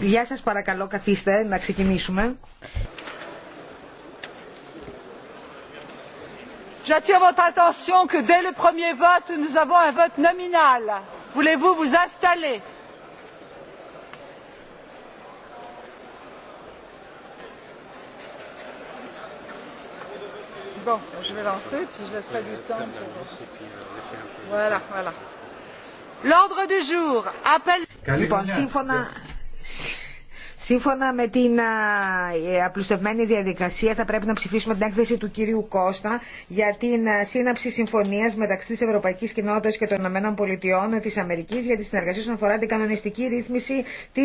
Γεια σας παρακαλώ καθίστε να ξεκινήσουμε. J'attire votre attention que dès le premier vote, nous avons un vote nominal. Voulez-vous vous installer Bon, je vais lancer, puis je laisserai du temps pour... Voilà, voilà. L'ordre Λοιπόν, σύμφωνα... Σύμφωνα με την ε, απλουστευμένη διαδικασία θα πρέπει να ψηφίσουμε την έκθεση του κυρίου Κώστα για την σύναψη συμφωνία μεταξύ τη Ευρωπαϊκή Κοινότητα και των Ηνωμένων Πολιτειών της Αμερικής για τη συνεργασία όσον αφορά την κανονιστική ρύθμιση τη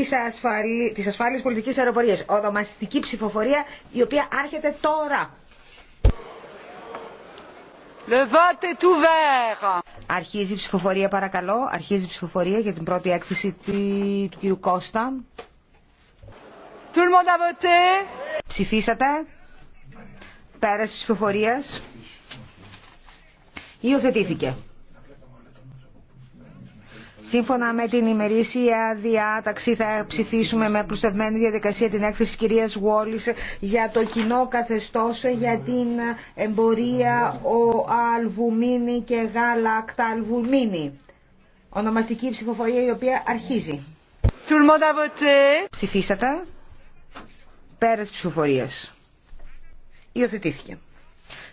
ασφαλή πολιτική αεροπορία. πολιτικής Ονομαστική ψηφοφορία η οποία άρχεται τώρα. Αρχίζει η ψηφοφορία παρακαλώ. Αρχίζει η ψηφοφορία για την πρώτη έκθεση του κύριου Κώστα. Tout le monde a voté. Ψηφίσατε. Πέρασε ψηφοφορία. Υιοθετήθηκε. Σύμφωνα με την ημερήσια διάταξη θα ψηφίσουμε με απλουστευμένη διαδικασία την έκθεση της κυρίας Βόλης για το κοινό καθεστώς για την εμπορία ο αλβουμίνη και γάλακτα αλβουμίνη. Ονομαστική ψηφοφορία η οποία αρχίζει. Ψηφίσατε. Πέρας ψηφοφορίας. Υιοθετήθηκε.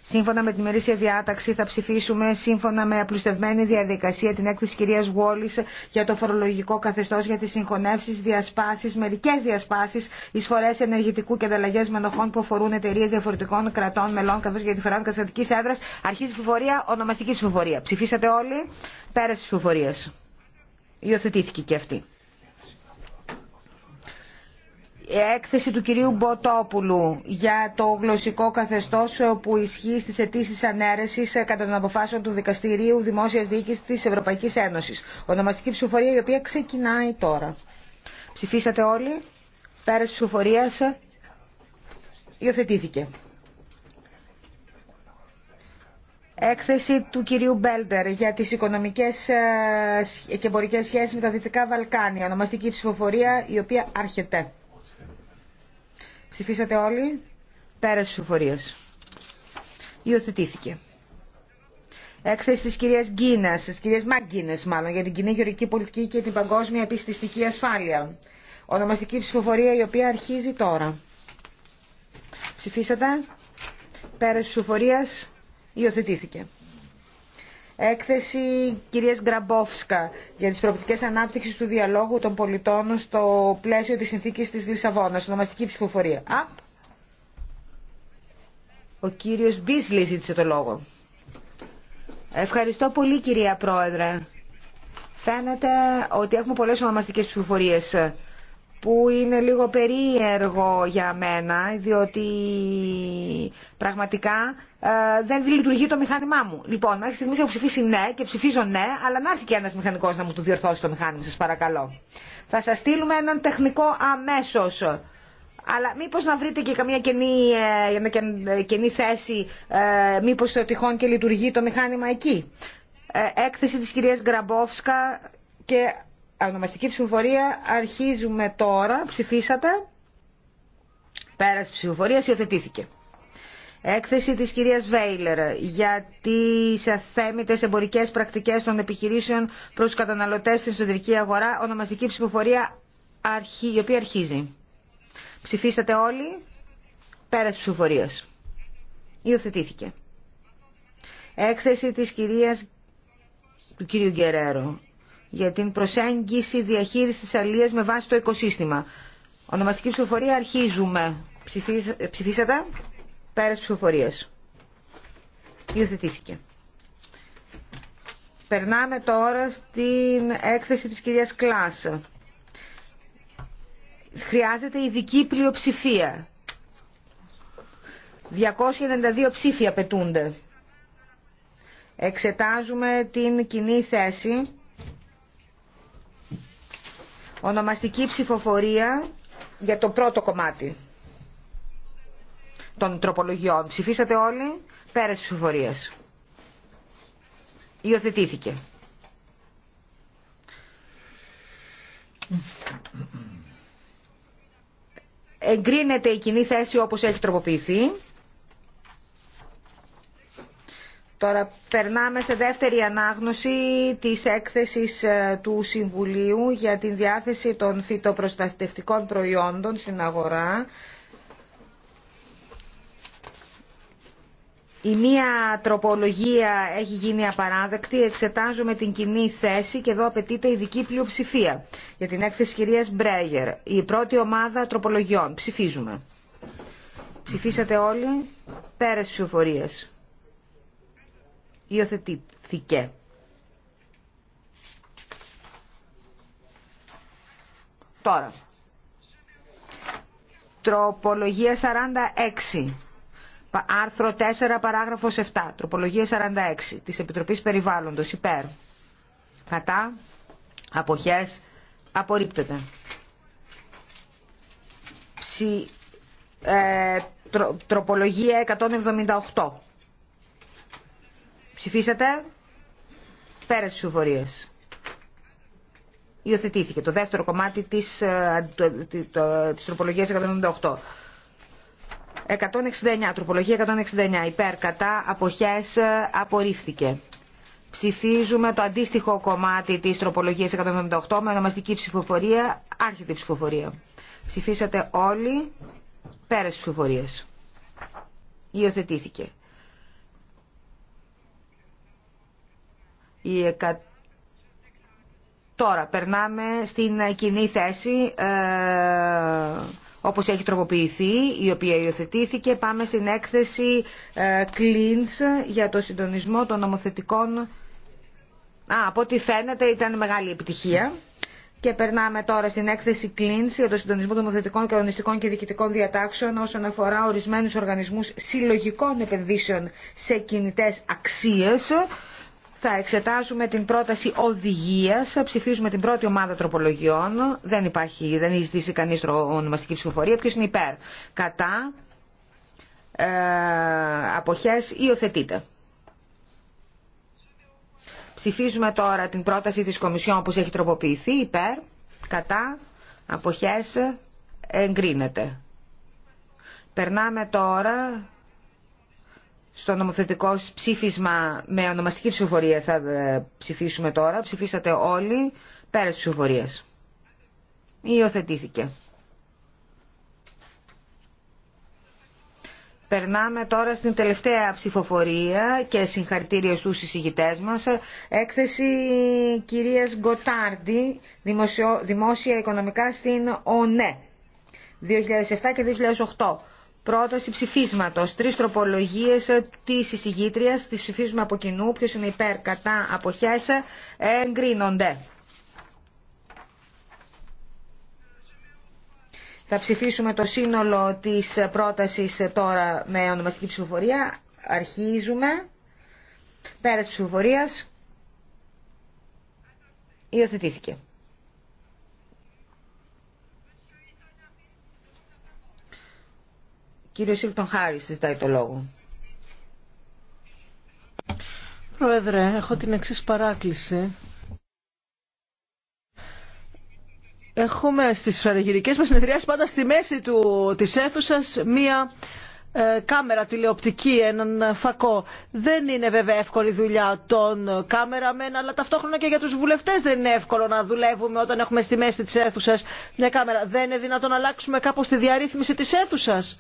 Σύμφωνα με τη μερίσια διάταξη θα ψηφίσουμε σύμφωνα με απλουστευμένη διαδικασία την έκθεση κυρίας Γουόλης για το φορολογικό καθεστώς για τις συγχωνεύσεις, διασπάσεις, μερικές διασπάσεις, εισφορές ενεργητικού και ανταλλαγέ μενοχών που αφορούν εταιρείε διαφορετικών κρατών μελών καθώς για τη φορά της κρατικής έδρας αρχίζει ψηφοφορία, ονομαστική ψηφοφορία. Ψηφίσατε όλοι, πέρασε ψηφοφορία. Υιοθετήθηκε και αυτή έκθεση του κυρίου Μποτόπουλου για το γλωσσικό καθεστώ που ισχύει στι αιτήσει ανέρεση κατά των αποφάσεων του Δικαστηρίου Δημόσια Διοίκηση τη Ευρωπαϊκή Ένωση. Ονομαστική ψηφοφορία η οποία ξεκινάει τώρα. Ψηφίσατε όλοι. τη ψηφοφορία υιοθετήθηκε. Έκθεση του κυρίου Μπέλτερ για τις οικονομικές ε, και εμπορικές σχέσεις με τα Δυτικά Βαλκάνια. Ονομαστική ψηφοφορία η οποία άρχεται. Ψηφίσατε όλοι. Πέρας ψηφοφορίας. Υιοθετήθηκε. Έκθεση της κυρίας Γκίνας, της κυρίας Μαγκίνας μάλλον, για την κοινή γεωρική πολιτική και την παγκόσμια επιστηστική ασφάλεια. Ονομαστική ψηφοφορία η οποία αρχίζει τώρα. Ψηφίσατε. Πέρας ψηφοφορίας. Υιοθετήθηκε έκθεση κυρίας Γκραμπόφσκα για τις προοπτικές ανάπτυξης του διαλόγου των πολιτών στο πλαίσιο της συνθήκης της Λισαβόνας, ονομαστική ψηφοφορία. Απ. ο κύριος Μπίσλη ζήτησε το λόγο. Ευχαριστώ πολύ κυρία Πρόεδρε. Φαίνεται ότι έχουμε πολλές ονομαστικές ψηφοφορίες που είναι λίγο περίεργο για μένα, διότι πραγματικά ε, δεν λειτουργεί το μηχάνημά μου. Λοιπόν, μέχρι στιγμής έχω ψηφίσει ναι και ψηφίζω ναι, αλλά να έρθει και ένας μηχανικός να μου το διορθώσει το μηχάνημα, σας παρακαλώ. Θα σας στείλουμε έναν τεχνικό αμέσως. Αλλά μήπως να βρείτε και καμία καινή, ε, θέση, ε, μήπως το τυχόν και λειτουργεί το μηχάνημα εκεί. Έκθεση της κυρίας Γκραμπόφσκα και ονομαστική ψηφοφορία αρχίζουμε τώρα. Ψηφίσατε. Πέρας ψηφοφορίας υιοθετήθηκε. Έκθεση της κυρίας Βέιλερ για τις αθέμητες εμπορικές πρακτικές των επιχειρήσεων προς τους καταναλωτές στην εσωτερική αγορά, ονομαστική ψηφοφορία η οποία αρχίζει. Ψηφίσατε όλοι, πέρας ψηφοφορίας. Υιοθετήθηκε. Έκθεση της κυρίας του κύριου Γκερέρο για την προσέγγιση διαχείρισης της αλίας με βάση το οικοσύστημα. Ονομαστική ψηφοφορία αρχίζουμε. Ψηφίσατε. Πέρας ψηφοφορίας. Υιοθετήθηκε. Περνάμε τώρα στην έκθεση της κυρίας Κλάς. Χρειάζεται ειδική πλειοψηφία. 292 ψήφια πετούνται. Εξετάζουμε την κοινή θέση Ονομαστική ψηφοφορία για το πρώτο κομμάτι των τροπολογιών. Ψηφίσατε όλοι πέρας ψηφοφορίας. Υιοθετήθηκε. Εγκρίνεται η κοινή θέση όπως έχει τροποποιηθεί. Τώρα περνάμε σε δεύτερη ανάγνωση της έκθεσης ε, του Συμβουλίου για την διάθεση των φυτοπροστατευτικών προϊόντων στην αγορά. Η μία τροπολογία έχει γίνει απαράδεκτη, εξετάζουμε την κοινή θέση και εδώ απαιτείται ειδική πλειοψηφία για την έκθεση κυρίας Μπρέγερ. Η πρώτη ομάδα τροπολογιών. Ψηφίζουμε. Ψηφίσατε όλοι. Πέρες ψηφοφορίας. Υιοθετήθηκε. Τώρα. Τροπολογία 46. Άρθρο 4, παράγραφος 7. Τροπολογία 46 της Επιτροπής Περιβάλλοντος. Υπέρ. Κατά. Αποχές. Απορρίπτεται. ε, τροπολογία 178. Ψηφίσατε. Πέρας ψηφοφορίας. Υιοθετήθηκε το δεύτερο κομμάτι της, ε, της τροπολογίας 198. 169, τροπολογία 169, υπέρ, κατά, αποχές, ε, απορρίφθηκε. Ψηφίζουμε το αντίστοιχο κομμάτι της τροπολογίας 178 με ονομαστική ψηφοφορία, άρχεται ψηφοφορία. Ψηφίσατε όλοι, πέρας ψηφοφορίας. Υιοθετήθηκε. Τώρα περνάμε στην κοινή θέση ε, όπως έχει τροποποιηθεί, η οποία υιοθετήθηκε. Πάμε στην έκθεση ε, Cleans για το συντονισμό των νομοθετικών... Α, από ό,τι φαίνεται ήταν μεγάλη επιτυχία. Και περνάμε τώρα στην έκθεση κλίνση για το συντονισμό των νομοθετικών, κανονιστικών και διοικητικών διατάξεων όσον αφορά ορισμένους οργανισμούς συλλογικών επενδύσεων σε κινητές αξίες θα εξετάζουμε την πρόταση οδηγίας, ψηφίζουμε την πρώτη ομάδα τροπολογιών. Δεν υπάρχει, δεν έχει ζητήσει κανεί ονομαστική ψηφοφορία. Ποιο είναι υπέρ. Κατά, ε, αποχές, υιοθετείται. Ψηφίζουμε τώρα την πρόταση της Κομισιόν όπως έχει τροποποιηθεί, υπέρ, κατά, αποχές, εγκρίνεται. Περνάμε τώρα στο νομοθετικό ψήφισμα με ονομαστική ψηφοφορία θα ε, ψηφίσουμε τώρα. Ψηφίσατε όλοι πέρα της ψηφοφορίας. Υιοθετήθηκε. Περνάμε τώρα στην τελευταία ψηφοφορία και συγχαρητήριο στους συζητητές μας. Έκθεση κυρίας Γκοτάρντι, δημόσια οικονομικά στην ΟΝΕ, 2007 και 2008 πρόταση ψηφίσματος. Τρει τροπολογίες τη εισηγήτρια, τις ψηφίζουμε από κοινού, ποιο είναι υπέρ, κατά, αποχές, εγκρίνονται. Θα ψηφίσουμε το σύνολο της πρότασης τώρα με ονομαστική ψηφοφορία. Αρχίζουμε. Πέρας ψηφοφορίας. Υιοθετήθηκε. Κύριο Σίλτον Χάρη, συζητάει το λόγο. Πρόεδρε, έχω την εξή παράκληση. Έχουμε στις φαραγυρικές μας συνεδριάσεις πάντα στη μέση του, της αίθουσας μία ε, κάμερα τηλεοπτική, έναν φακό. Δεν είναι βέβαια εύκολη δουλειά των κάμεραμεν, αλλά ταυτόχρονα και για τους βουλευτές δεν είναι εύκολο να δουλεύουμε όταν έχουμε στη μέση της αίθουσας μια κάμερα. Δεν είναι δυνατόν να αλλάξουμε κάπως τη διαρρύθμιση της αίθουσας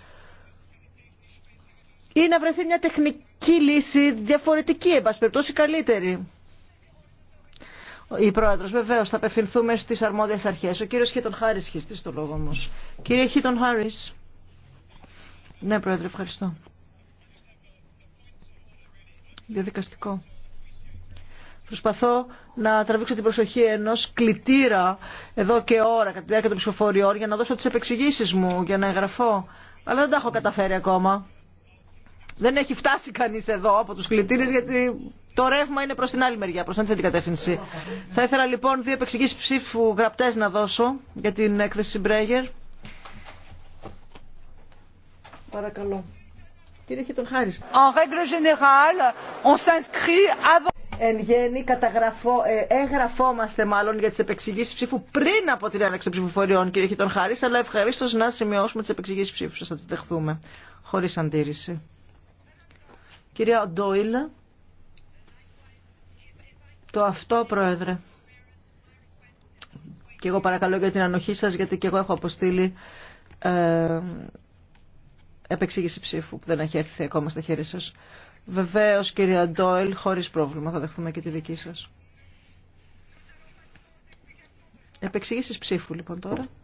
ή να βρεθεί μια τεχνική λύση διαφορετική, εν πάση περιπτώσει καλύτερη. Η πρόεδρος, βεβαίως, θα απευθυνθούμε στις αρμόδιες αρχές. Ο κύριος Χίτον Χάρης χιστής το λόγο όμως. Κύριε Χίτον Χάρης. Ναι, πρόεδρε, ευχαριστώ. Διαδικαστικό. Προσπαθώ να βρεθει μια τεχνικη λυση διαφορετικη εν παση περιπτωσει καλυτερη η προεδρος βεβαιως θα απευθυνθουμε στις αρμοδιες αρχες ο κυριος χιτον χαρης χιστης το λογο ομως κυριε χιτον χαρι ναι προεδρε ευχαριστω διαδικαστικο προσπαθω να τραβηξω την προσοχή ενό κλητήρα εδώ και ώρα κατά τη διάρκεια των ψηφοφοριών για να δώσω τι επεξηγήσει μου, για να εγγραφώ. Αλλά δεν τα έχω καταφέρει ακόμα δεν έχει φτάσει κανεί εδώ από του κλητήρε γιατί το ρεύμα είναι προ την άλλη μεριά, προ την αντίθετη κατεύθυνση. Θα ήθελα λοιπόν δύο επεξηγήσει ψήφου γραπτέ να δώσω για την έκθεση Μπρέγερ. Παρακαλώ. Κύριε Χίτον Χάρης. En règle générale, on s'inscrit avant εν γέννη καταγραφώ, ε, εγγραφόμαστε μάλλον για τι επεξηγήσει ψήφου πριν από την έναξη των ψηφοφοριών κύριε Χιτον Χάρη, αλλά ευχαριστώ να σημειώσουμε τι επεξηγήσει ψήφου σα θα τι δεχθούμε χωρί αντίρρηση. Κυρία Ντόιλ, το αυτό, Πρόεδρε. Και εγώ παρακαλώ για την ανοχή σας, γιατί και εγώ έχω αποστείλει ε, επεξήγηση ψήφου που δεν έχει έρθει ακόμα στα χέρια σας. Βεβαίως, κυρία Ντόιλ, χωρίς πρόβλημα, θα δεχθούμε και τη δική σας. Επεξήγησης ψήφου, λοιπόν, τώρα.